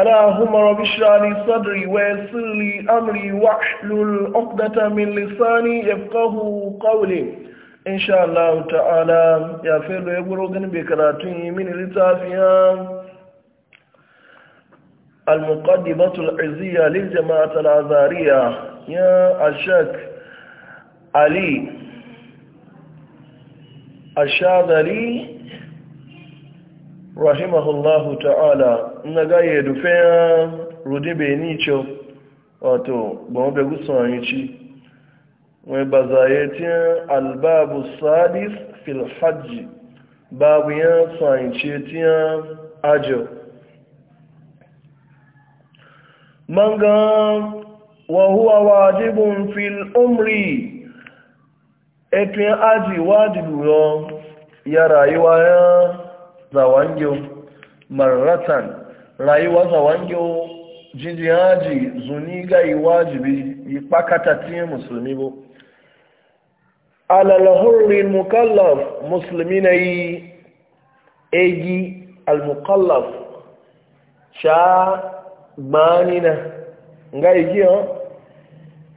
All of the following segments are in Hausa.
اللهم رب اشرح لي صدري ويسر لي امري واحلل عقدة من لساني يفقه قولي ان شاء الله تعالى يا فيلو يغرو غن بكراتي من لتافيا المقدمة العزية للجماعة العذارية يا الشك علي الشاذلي rahimahullahu ta'ala na gaye edufe ya rudi benicho wato gbọmọ begu sanyici wee ba zaye tiyan albabu sadis filhaji babu ya sanyice ti ajo manga wa huwa wajibun fil umri ya e aji wajibu yo ya rayuwa ya zawangyo maratan rayuwa zawangyo jijiyaji zuniga iwajibi ipakata ti musulmi bo alalahurri mukallaf musulmi na yi egi almukallaf sha na nga igi yan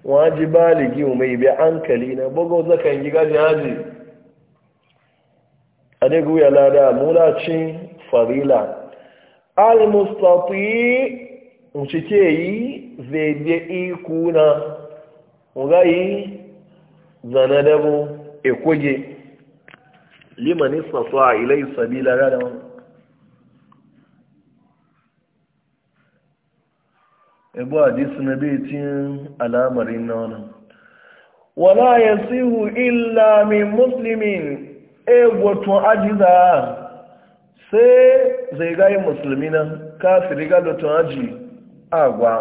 wajibaligi umai bi hankali na bugu zakan giga jihaji adegu ya lada mulacin farila almustati uncike yi zai je ikuna ngayi zana dabo ekoge liman a ilai sabila gada wani ebu hadisi na bai cin alamarin na wani wala yasihu illa min muslimin egwotun ajiza sai zai gayi musulmi nan kafiri galotun aji agwa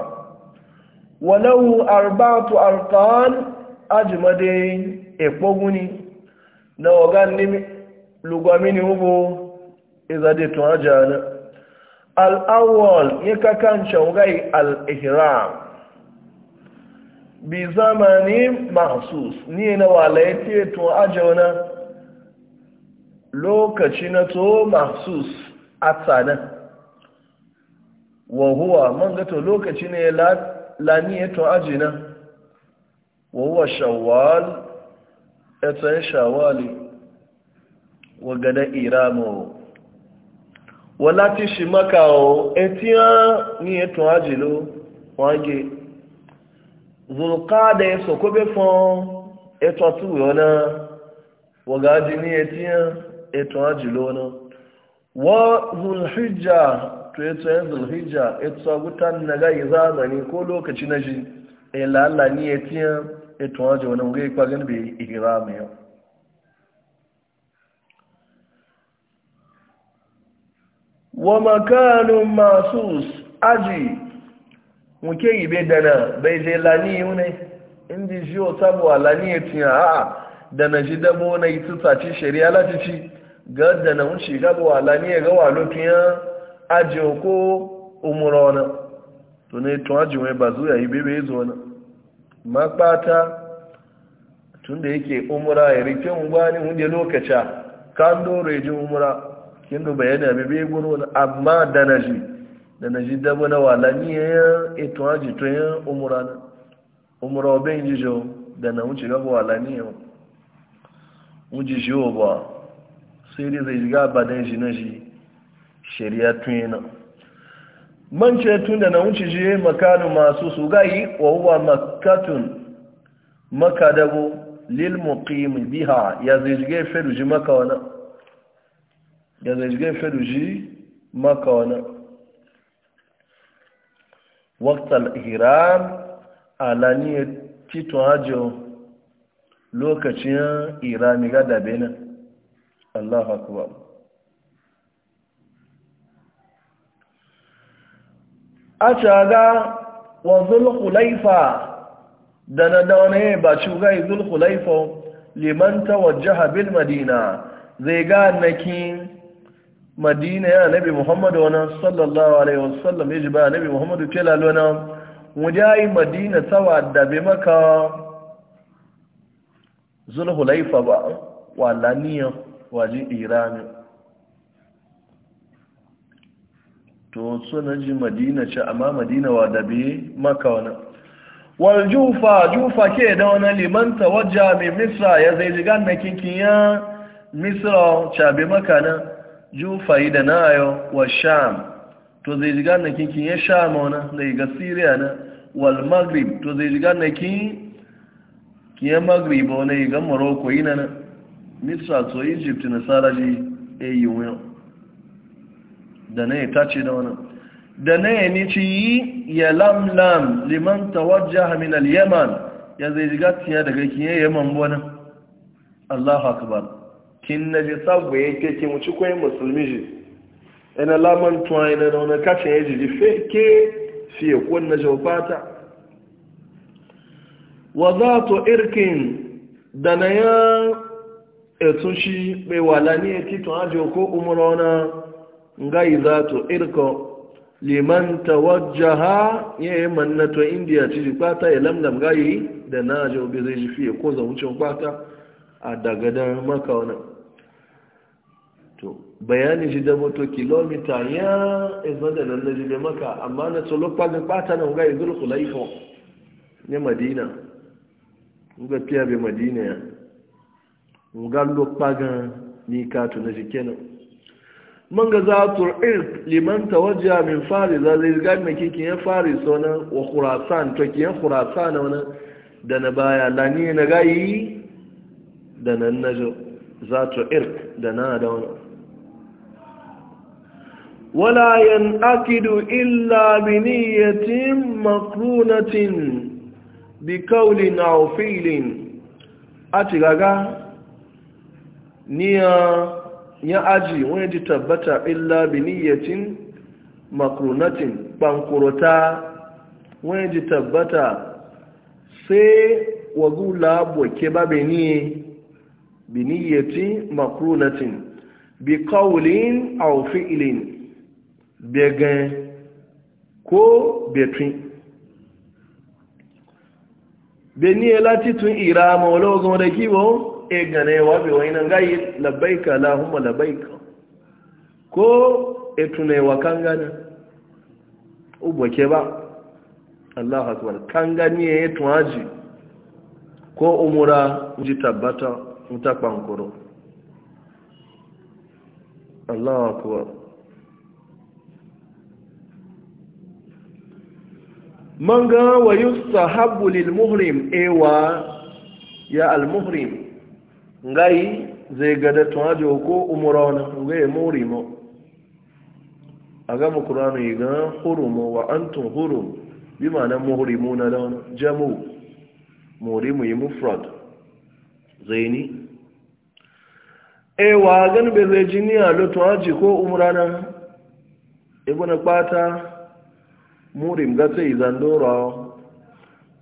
walau arbatu arkan ajimade ekpoguni na ogan ni lugwamini hubo izade tun ajana al'awwal ya kakancan gai al'ihiram bi zamani mahsus ni na walaye tun ajiyonar lokaci na to mahsus a tsanan wahuwa man gato lokaci ne laniye to ajina wahuwa shawwal etsayin shawali wa gada iramo wa lati shi maka o etiyan ni eto ajilo wange zulkada ya sokobe fun eto tuwe ona wagaji ni etiyan eto ajilo na wa zulhijja to eto yan e zulhijja eto gutan na gai zamani ko lokaci na shi e lalla ni etiya eto ajo na ngai kwa gan bi igrama yo wa masus aji muke ibe dana bai zai lani yune indi shi o e a'a da na ji dabo na yi tutaci shari'a latici gadda na wunci gaba wala ne ya walo kiyan ajiyo ko umura wana to ne tun ajiyo mai ba zuwa yi bebe zo na ma kpata tun da yake umura ya rike ungwani wunde lokaca kan doro ya ji umura kin da bayani mai bebe guru wani amma da na ji da na ji dabo na wala ne ya eto aji to ya umura na umura obin jijo da na wunci gaba wala ne ya wunci jiyo ba sai dai zai shiga ba da shi na shi shari'a tun yana man ce tun da na wuce je makanu masu su gayi wa huwa makatun makadabo lil muqim biha ya zai shiga fedu ji maka wana ya zai shiga fedu ji maka wana waqtal ihram alani titu ajo lokacin irami ga dabe nan Allahu akbar a caga wa zulhulaifa da na daune ba cugai zulhulaifa liman tawajjaha bil madina zai ga naki madina ya nabi muhammadu wani sallallahu alaihi wasallam ya ji ba nabi muhammadu kelalona mujayi madina tawa da bi maka zulhulaifa ba wala niyan waji irani to suna ji madina ce amma madina wa dabe maka wani wal jufa jufa ke da wani liman tawajja mai misra ya zai jigan na kinkiya misra cabe maka na jufa yi da na wa sham to zai jigan na kinkiya sham wani da iga siriya na wal maghrib to zai jigan na kinkiya maghrib wani iga morocco yi na na nisa to egypt na ji e yi wuyan da na ya tace da wani da na ya nici yi ya lamlam liman tawajja min yaman ya zai ji gatiya daga kiye yaman wani allahu akabar kin na ji sabu ya ke kin wuci kwayin musulmi ji ina laman tuwa na da wani kacin ya ji feke fiye kwan na jaubata wa za to irkin da na yan wà lání mai walani ya titun ajiyo ko umarona ga izato irko liman tawajjaha ya yi mannato indiya ci kwata ya lamlam gayi da na ajiyo bai zai ji fiye ko zamucin kwata a dagadar maka wani to bayani shi da moto kilomita ya izan e da nan na jibe maka amma na tsolo kwagin kwata na gayi zulkulaifo ne madina ga fiye bai madina ya ngallo pagan ni ka na jikena man ga za tur irq liman tawajja min fari za zai ga me kike ya fari sona wa khurasan to kiyan khurasan wana da na baya ni na gayi da nan najo za tur irq da na da wana wala yanakidu illa bi niyyatin maqrunatin bi qawlin aw fi'lin gaga niya ya aji wani ji tabbata illa bi niyyatin makrunatin bankurota wani ji tabbata sai wagula boke ba bi ni bi niyyatin makrunatin bi kawulin aufi fi'lin begen ko betin beni e láti tún ìra ọmọ ológun rẹ̀ kíwọ́ e gane wa be wayna ngai labbaika allahumma labbaika ko e tunai wa kangana ubo ke ba Allahu akbar kangani e tuaji ko umura ji tabbata mutapankoro Allahu akbar manga wa yustahabbu lil muhrim ewa ya al muhrim ngai zai gada tuwajo ko umura wani ngai mori mo a gama kuranu yi ga hurumu wa antun hurum bi na muhurimu na da jamu murimu yi mufrad zaini ewa gan be zai ji ni ko umura na ibu e na kpata murim ga sai zandora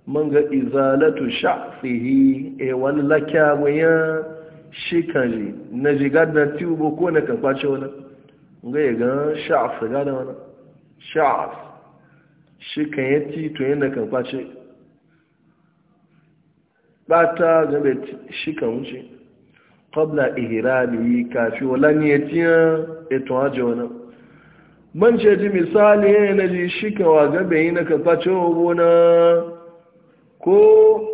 man ga izalatu sha'fihi e wani lakya shi na jigar na tubo ko na kakwace wani ga yi gan sha'af da gada wani sha'af shi kan yi tito yin na ba bata gaba shi kan wuce ƙabla yi kafi wala ya tiya eto hajji wani man ce ji misali yana ji shi kan wa gaba yi na kakwace wani ko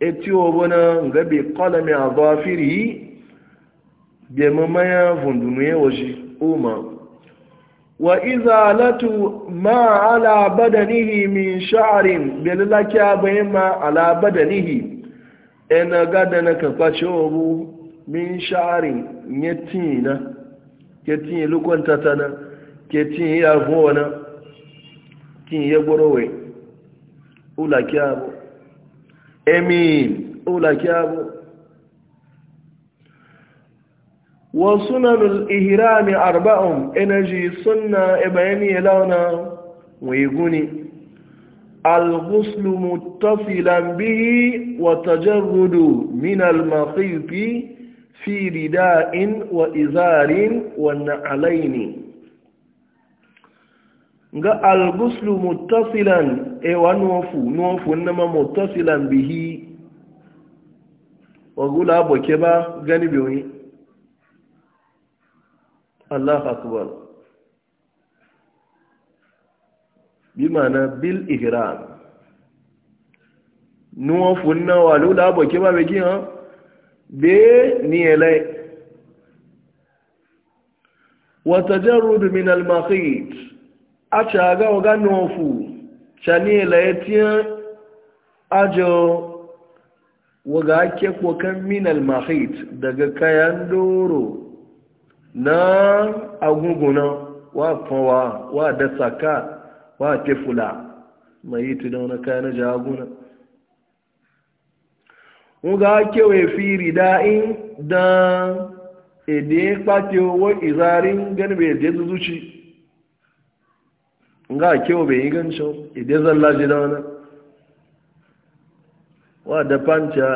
etiyo bona ngabe qalami adhafiri bi mamaya vundunuye oji uma wa iza alatu ma ala badanihi min sha'rin bilalaki abayma ala badanihi ena gadana ka kwachobu min sha'rin nyetina ketin lukon tatana ketin ya vona kin ya gorowe ula kyabo emin ula kyabu wa sunan al-ihrami arba'um energy sunna e bayani launa wayguni al-ghuslu muttafilan bihi wa tajarrudu min al-maqiti fi rida'in wa izarin wa ne. ga al guslu muttasilan e wa nufu nama muttasilan bihi wa gula boke ba gani biyoyi Allah akbar bi mana bil ihram nofu na wa lula boke ba begi ha be ni ele wa tajarrud min al-maqit a aga wa n'ofu wofu cani ajo waga ake min minal mahit daga kayan doro na aguguna wa fawa wa da saka wa tefula mai tu da wani kayan jaguna waga ake wa firi rida'in da ede kpake wa izarin ganin bai je zuci nga kyau bai yi gancin idan zan laji wani wa da fanta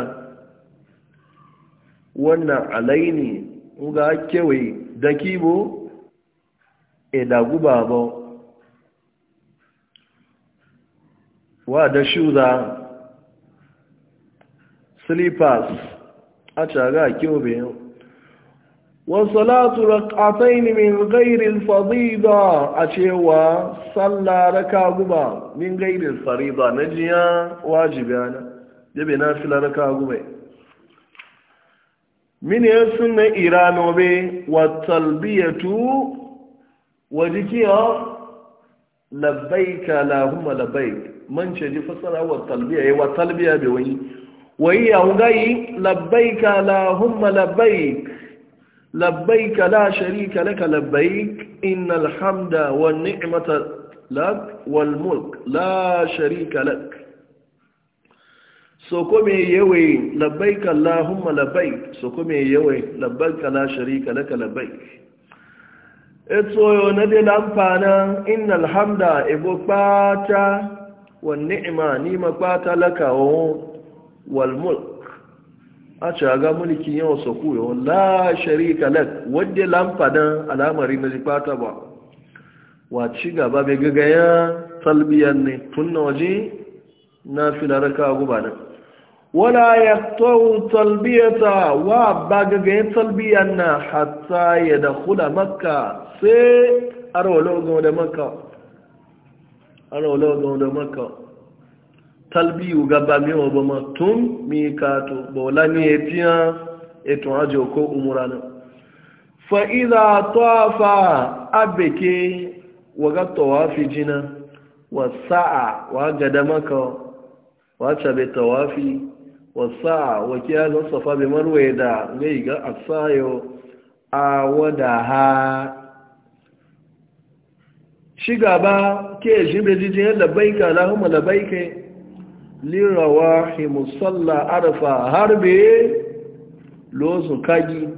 wannan alaini nga kewa da kibo e da guba ba wa da shuza slippers a ga kyau bai yau وصلاة ركعتين من غير الفضيضة أشيوا صلى ركع من غير الفريضة نجيا واجب أنا جبي نافلة ركع قبا من السنة إيران وبي والتلبية وجكيا لبيك اللهم لبيك من شجي فصل والتلبية والتلبية بوين وهي هنغي لبيك اللهم لبيك لبيك لا شريك لك لبيك إن الحمد والنعمة لك والملك لا شريك لك سوكمي يوي لبيك اللهم لبيك سوكمي يوي لبيك لا شريك لك لبيك etsoyo na dai lamfanan innal hamda ebo kpata wa ni'ima ni ma kpata laka wa wal mulk a ce ga mulkin yawan soku yau la sharika lak wadda lamfadan al'amari na jifata ba wa ci gaba bai gagaya talbiyar ne tun na waje na filaraka gubanin wala ya tau talbiyata wa ba gagayen talbiyar na hata ya da hula maka sai arwalo ga da talbiyu gaba mewa ba ma tun mi kato ba wala ni ya fiya eto ajo ko umura na fa idha tawafa abeke waga tawafi jina wa sa'a wa gada maka wa chabe tawafi wa sa'a wa kiya zan safa be marwaye da ngai ga asayo a wada ha shiga ba ke jibe jijin labbaika lahumma labbaika lirawahi musalla arfa harbe lozu kagi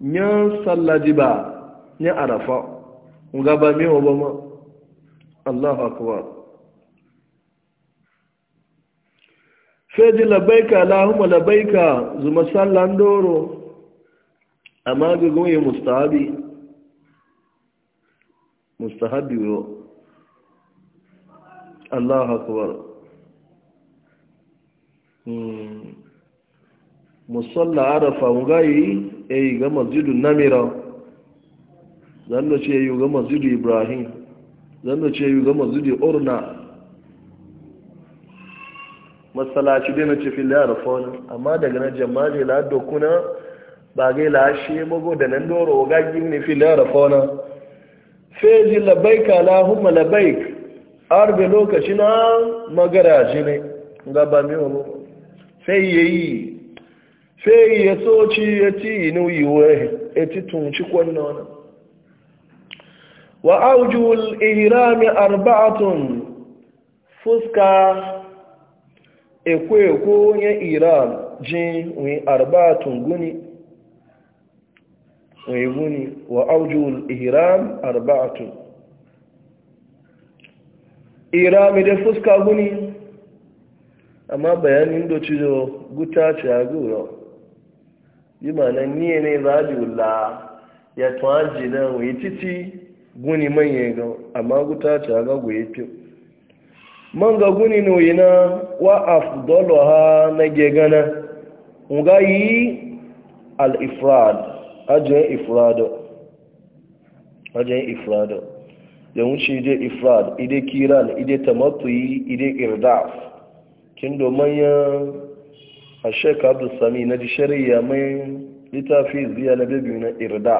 nyan sallaji ba ni arafa gaba mi wa ma Allahu akbar feji labaika Allahumma labaika zuma sallan doro amma ga goye mustahabi mustahabi yo Allahu akbar Hmm. musalla arafa ngayi yi eh, ga masjidu namira zanno ce yi eh, ga masjidu ibrahim zanno ce yi eh, ga masjidu urna masalaci dai na cikin arafa wani amma daga na jama'a la dokuna ba gai lashe mago da nan doro ga gini fil arafa wani feji labaika lahumma labaik arbe lokaci na magaraji ne ga ba sai ya yi sai ya soci ya ci inu yiwuwa ya ci tunci kwanan wa aujul ihrami arba'atun fuska ekwe-ekwo ya iran jin wi arba'atun guni wi guni wa aujul ihram arba'atun iran da fuska guni amma bayanin da cizo guta ce a gura yi mana niye ne radiyola ya tuwaji na wai titi guni manye ga amma guta ce a ga goye fiye man ga guni noyi na wa afdolo ha na gegana nga yi al-ifrad ajiyar ifrado ajiyar ifrado da wuce ide ifrad ide kiran ide tamatuyi ide irdaf kin domin ya a sheik sami na ji shari'a mai littafi ziya na bebi na irda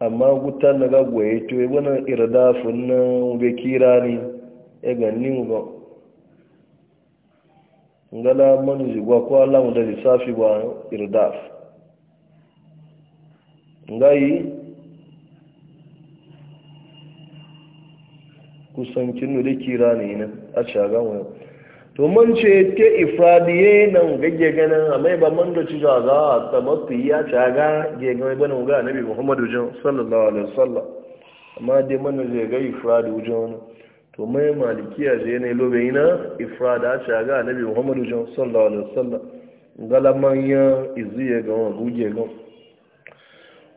amma gutar na gagwaye to yi e wani irda funna ube kira ne ya ganni ba ngala manu jigwa ko alamu da lissafi ba irda ngayi kusancin nule kira ne na a shagan wani to man ce ke ifradiye nan gage ganin a mai ba man da ci za a tabbatu ya shaga gage mai bane ga nabi muhammadu jan sallallahu alaihi wasallam amma dai man da zai ga ifradi wajen wani to mai malikiya je ne lobe ina ifrada a shaga nabi muhammadu jan sallallahu alaihi wasallam galaman ya izuye ga wani guge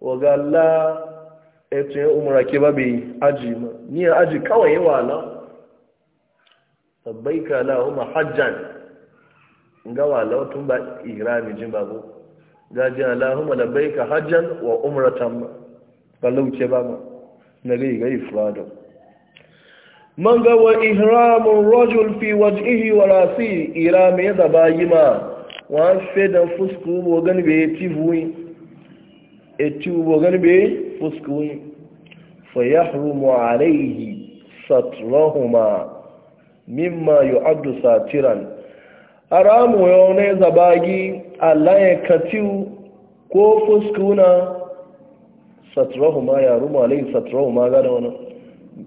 waga la etu ya umara ke babe aji ma ni aji kawai yawa na ka la huma hajjan ga walau tun ba ihrami jin babu gaji bai labbaika hajjan wa umratan Ba ce ba ma na gai ga ifradu man ga wa ihramun rajul fi wajhihi wa rasi ihrami da bayima wa fedan fusku bo gan be tivui etubo galbe fuskun fayahrumu alaihi satrahuma mimma yu'addu satiran aramu yone zabagi Allah ya katiu ko fuskuna satrahuma ya rumu alaihi satrahuma gada wannan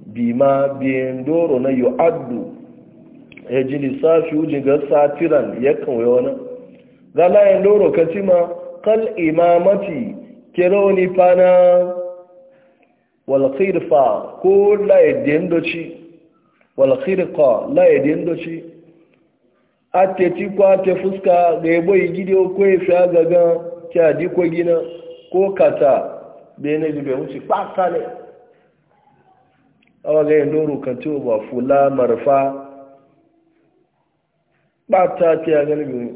bima biyendoro na yu'addu ya ji lissafi ujin ga satiran ya kan wani gala ya doro katima kal imamati kenoni pana walkhirfa ko laidin doci walkhirqa laidin doci ate ti kwa te fuska ga ebo igide ko efe agaga ti adi ko gina ko kata bene libe wuci pasale awaga ndoru kan ti oba fula marfa bata ti aga libe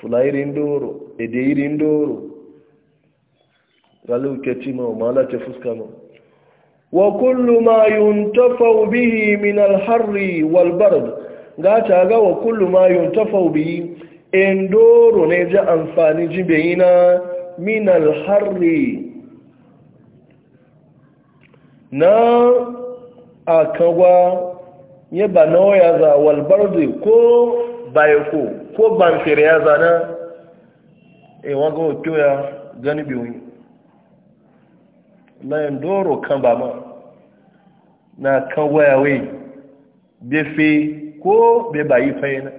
fula irin doro ede irin doro galu ke ci ma mala ce wa kullu ma yuntafa bihi min al-harri wal ga ta ga wa kullu ma yuntafa bihi endoro ne ja amfani jibeyina min al-harri na akagwa ye ba noya za wal bard ko bayako ko banfire ya zana e wago kyoya gani biyu na ndoro kan ba ma na kan wayawai befe ko be bayi fayina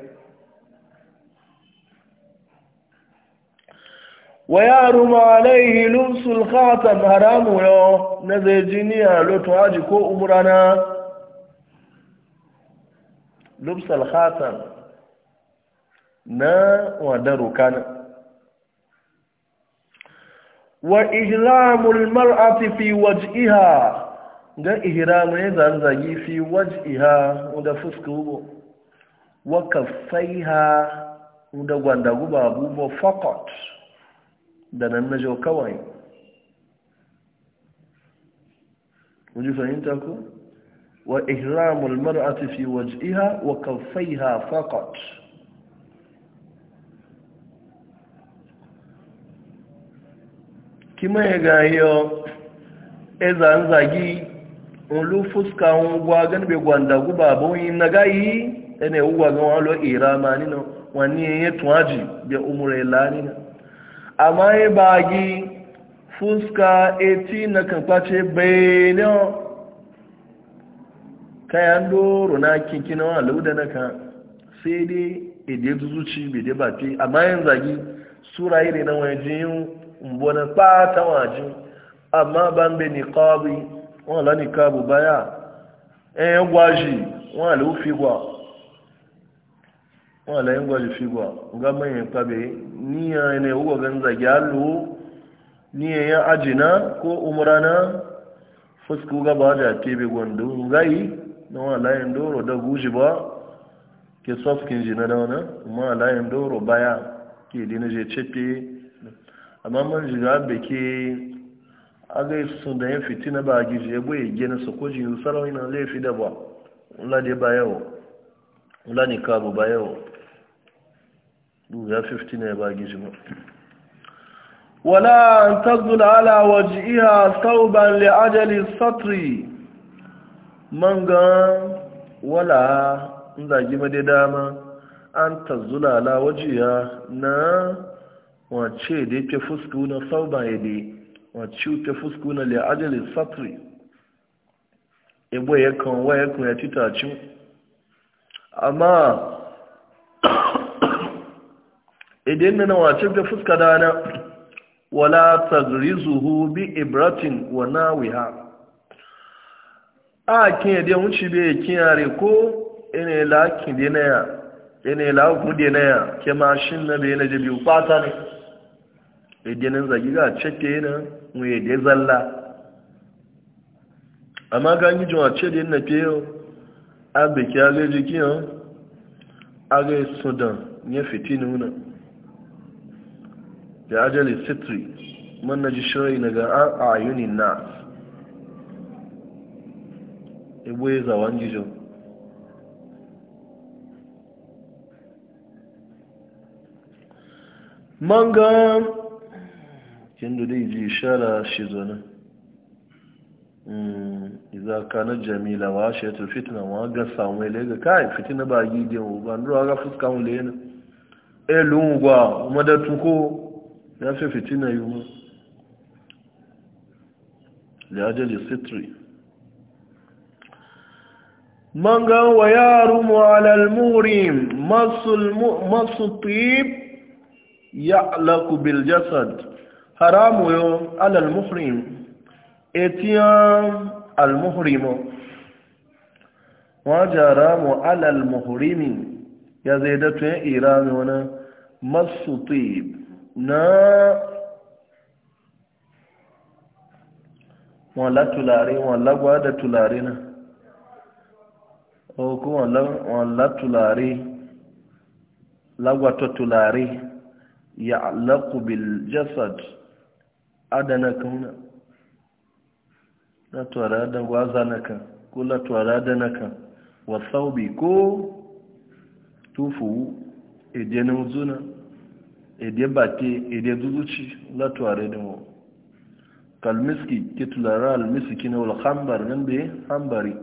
wa yaro ma alaihi lumsul khatam haramu yo na zai jiniya lotu haji ko umrana lumsul khatam na wadaro kanan wa ihlamul mar'ati fi waj'iha ga ihramu ya zanzagi fi waj'iha da fuska hubo wa kaffaiha da gwanda guba abubuwa fakot da nan na jau kawai wuji fahimta ku wa ihramul mar'ati fi waj'iha wa kaffaiha fakot kima ya gayo eza nzagi olu fuska ngwa gan be gwanda guba bo yin na amma ye eti na kan kwace bayano kayan doro na kinkina wa na ka sai dai ede zuci bai dai sura iri na mbona pata waju amma bambe niqabi wọn ni kabu baya eh gwaji wọn la ufi gwa wọn la yin gwaji fi gwa ngama yin pabe ni ya ne ugo ganza gyalu ni ya aji na ko umrana fusku ga ba da tebe gondo ngai na wọn la yin doro da guji ba ke sofkin jina da wana ma la yin doro baya ke dina je cepe amma man jira abe ke aga su da yin fitina ba a gizo ya bu ya gina su ko jini sarawai na zai fi da ba wula ne ba yawo wula ne kabo ba yawo ya fitina ma wala an tazul ala waje iya sauban le ajali satri man wala nzagi made dama an tazula ala waje na wace da ya fusku na sauba ya da wace ta fusku na la'ajali satri ebo ya kan waya kun ya titacin amma idan na wace ta fuska dana wala tagrizuhu bi ibratin wa nawiha a kin da wuce be kiyare ko ene la kin na ya ene la ku na ya ke mashin na be na jabi kwata ne idanin zagi za a cete yana mai da zalla amma ga yi jima ce da yana ke yau abiki a zai jiki yau a ga sudan ya fiti nuna da ajali sitri man ji shirai na ga an a yunin na ibo e ya zawon gijo man kendo dai ji shara shi zona hmm, iza kanar jamila wa shi ta fitina wa ga samu ile ga kai fitina ba gidi wa ba nura ga fuska mu le na e lungwa madatu ko ya fi fitina yi ma liajali sitri manga wa yarumu ala almurim masu masu tib ya'laku bil jasad haramu yo alal muhrim etiyan al muhrimu wa jaramu alal muhrimi ya zai datu ya irami wani masu na wala tulare wala gwada tulare na o ko wala tulare lagwata tulare ya alaƙu bil jasad adana kauna tuwara da gwaza na kan ko latuwara da na kan wasaubi ko tufu ede na zuna ede bate ede zuzuci latuwara da mu kalmiski titulara almiski na walhambar nan da hambari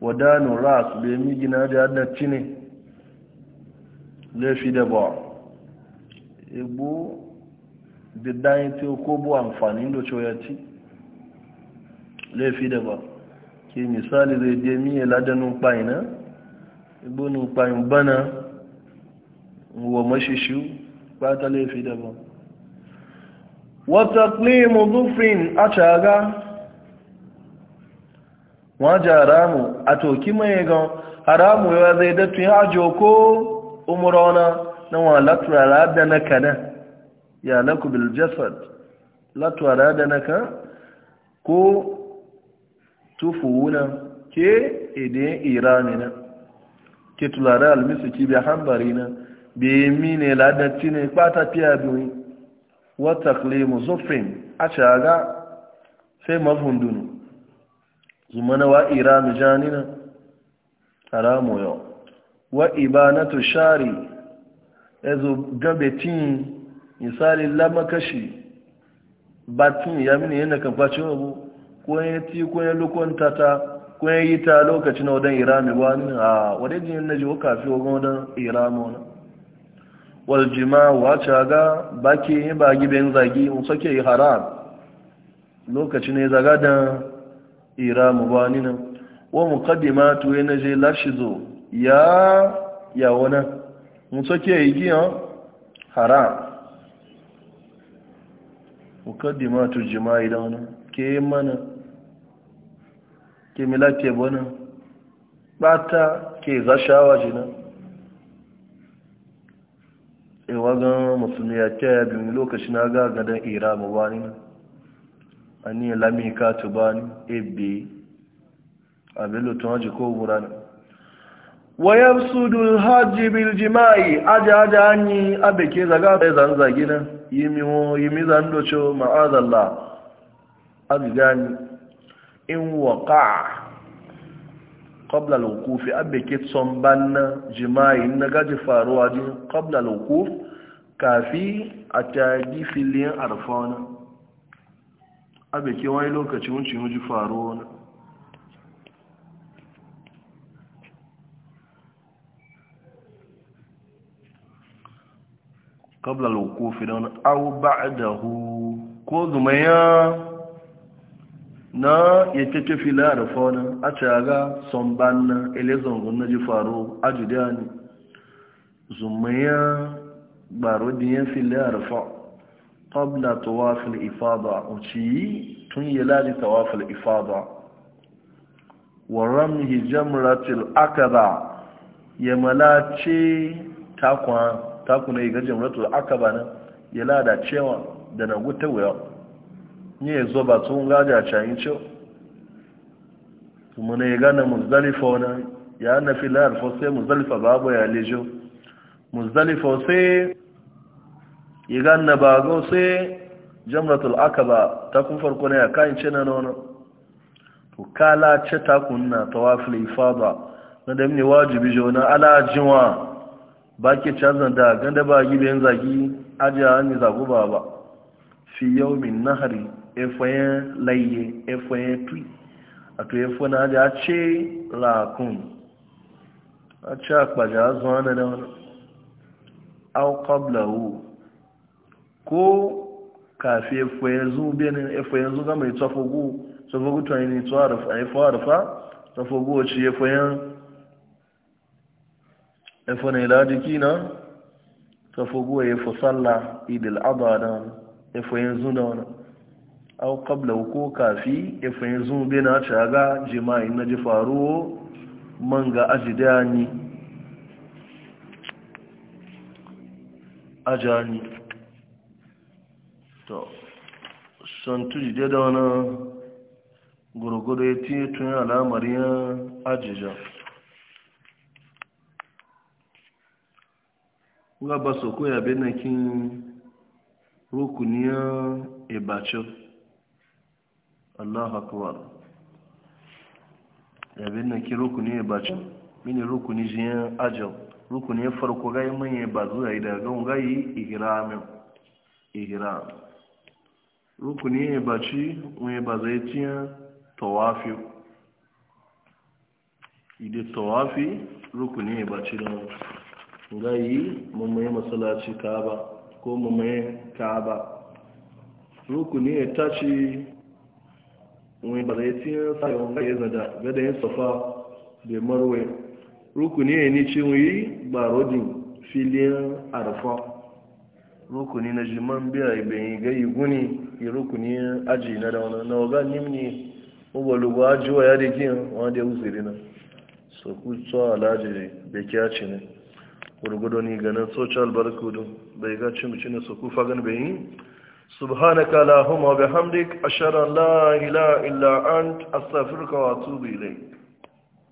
wadano ras da ya migina da adana cine laifi da ba egbo diddayin tiyo ko bu amfani da coyaci laifi da ba ke misali zai je miye ladanin kpaina ibonin kpain bana wa mashishi ta laifi da ba wata klimu zufin a caga wajen haramu a toki mai gan haramu ya zai dattu ya ajo ko umarona na wa laturara da na kanan ya laku bil jasad latwara da naka ko tufuna ke ede irani na ke tulara almisiki bi hambari na bi mine ladatti ne kwata fiya biyu wa taklimu zufrin a shaga sai mafundunu zumana wa irani janina haramu yau wa ibanatu shari ezo gabetin misali lamakashi batun ya mini yana kan kwace abu ko ya ti ko ya lokonta ta ko ya yi ta lokaci na wadan irami ba ni a wadai jin na waka fi wagon wadan irami wani waljima wace ga baki yi ba giben zagi in sake yi haram lokaci ne zaga da irami ba ni nan wa muqaddima to yana je zo, ya ya wani in sake yi giyan haram mukaddima turjima idan wani ke mana ke milake bana bata ke zashawa jina ewa ga musulmi ya kyaya bin lokaci na ga gadon ira mu bani ani lami ka tu bani ebe abin lutun haji ko burana wayar sudul hajji bil jima'i aja aja hanyi abe ke zaga bai zanzagi nan yimiwo yimi zando cho ma'adallah abigani in waqa'a qabla al-wuquf abike banna jima'i na gaji faruwa din qabla al-wuquf kafi atagi filin arfana abike wani lokaci mun ci muji faruwa kabla lokofi don au ba'dahu ko zumaya na ya keke fila da fauna a caga son banna elezon gun ji faro ajuda ne zumaya baro fi fila da fa kabla tawafil ifada uci tun yi lali tawafil ifada wa ramhi jamratil akaba ya malace takwa ta kuna yi gajin ratu aka ba nan ya lada cewa da na guta wuya ni ya zo ba tun gaja cayin ce kuma na ya gane muzdalifa wani ya na fi lahar fosai muzdalifa babu ya lejo muzdalifa sai yi gane ba ga sai jamratul akaba ta kun farko na ya kayan ce na nono to kala ce ta kunna tawafil ifada na da mini wajibi jona ala jinwa ba ke cazan da ganda ba yin zagi ajiya ne zagu ba ba fi yau min nahari efoyen laye efoyen tui a to efo na ajiya ce lakun a ce akpaja zuwa na da wani alkablawo ko kafi zu zube ne efoyen zuga mai tsofogu tsofogu tuwa ne tsofogu a rufa tsofogu wace efoyen efana ilaji kina ta foguwa ya fi salla idil abada efa yin zuna wani au kabla ko kafi efa yin zun bena caga jima'i na ji faruwa man ga ajidani ajani to shantu jide da wani gurgudu ya tiye tun alamar yin ajija nga ba soko ya be na kin rukuniya ibacho e Allahu akbar ya be na kin rukuniya ibacho e mini rukuni jiyan ajo rukuni farko ga manye ba zuwa ida ga ngai ihram ihram rukuni ibachi e mun ba zai tiya tawafi ide tawafi rukuni ibachi don gayi mamaye masalaci kaba ko mamaye kaba rukuni ya tashi wani baraitiyar sayon ga ya zada gada ya safa da marwai rukuni ya ni ci wuyi ba filin arfa rukuni na jiman biya ibe gayi guni ya rukuni aji na dauna na waga nimni ubalugu ajiwa ya rikin wanda ya uziri na so ku tsawa alaji da kyaci ne gurgudu ni ganin social barkudu bai ga cin mucin su kufa gan bai yi subhanaka lahumma bihamdik ashara la ilaha illa ant astaghfiruka wa atubu ilayk